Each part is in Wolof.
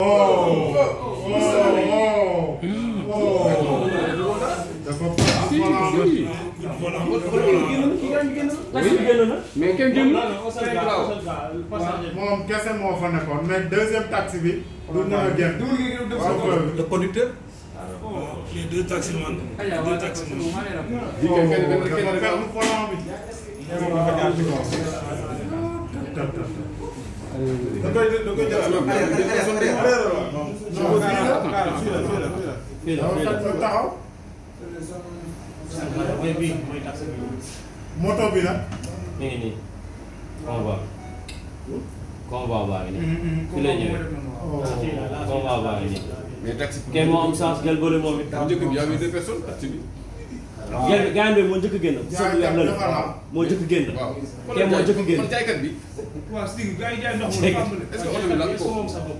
Oh, oh, oh, Oh mais mais deuxième taxi a le conducteur. deux taxis deux taxis da koy da koy jëlaat. moto bi nag. mi ngi nii convoi. convoi baa ngi nii. fi lay ñëwee. convoi baa ngi nii. mais taxi. Ah. Gen gen ya, ya, ya, bi mo jëk gen so lu yalla mo jëk gen ken mo jëk gen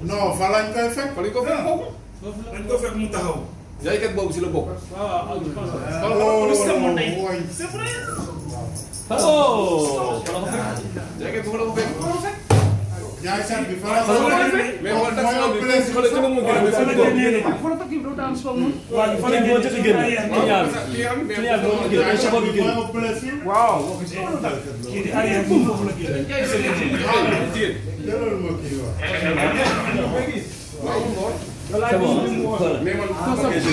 no fa lañ koy fek fa lañ ko fek bok lañ ko fek mu taxaw jay kat bok ci le bok wa wa c'est vrai sax bi faral mais wala tax na bi xoolal ci moom gën a gën a gën a xoolal fakki bi doo daan soog moom waaw ñu faral moo jëkk génn signal signal moo ma génn ay chauffeur bi génn waaw kii di arrière bi foofu la génn jëlal ma kii waaw c'est bon voilà